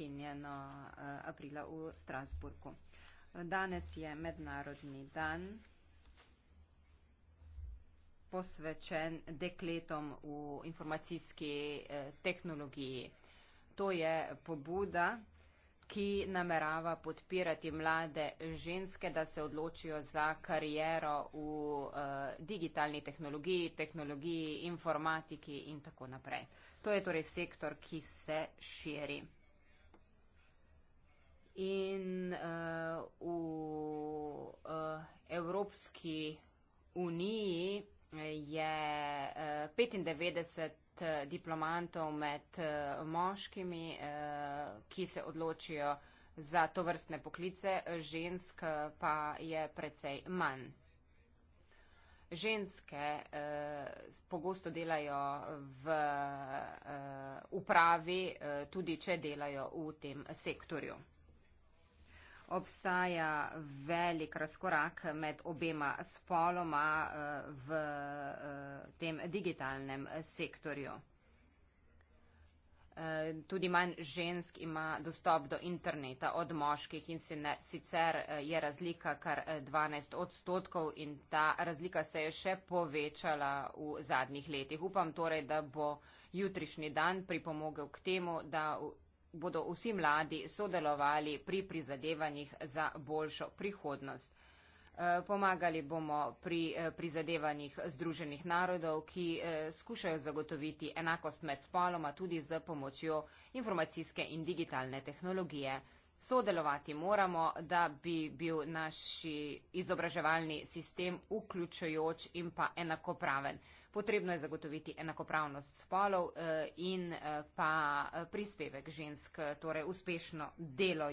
prekinjeno eh, aprila v Strasburgu. Danes je mednarodni dan posvečen dekletom v informacijski eh, tehnologiji. To je pobuda, ki namerava podpirati mlade ženske, da se odločijo za kariero v eh, digitalni tehnologiji, tehnologiji informatiki in tako naprej. To je torej sektor, ki se širi. Evropski uniji eh, je 95 eh, eh, diplomantov med moškimi, ki se odločijo za to vrstne poklice, žensk pa je precej manj. Ženske eh, pogosto delajo v eh, upravi, eh, tudi če delajo v tem sektorju obstaja velik razkorak med obema spoloma eh, v eh, tem digitalnem sektorju. Eh, tudi manj žensk ima dostop do interneta od moških in sicer je razlika kar 12 odstotkov in ta razlika se je še povečala v zadnjih letih. Upam torej, da bo jutrišnji dan pripomogel k temu, da bodo vsi mladi sodelovali pri prizadevanjih za boljšo prihodnost. Eh, pomagali bomo pri eh, prizadevanjih Združenih narodov, ki eh, skušajo zagotoviti enakost med spoloma tudi z pomočjo informacijske in digitalne tehnologije sodelovati moramo, da bi bil naš izobraževalni sistem vključujoč in pa enakopraven. Potrebno je zagotoviti enakopravnost spolov eh, in eh, pa eh, prispevek žensk, torej uspešno delo.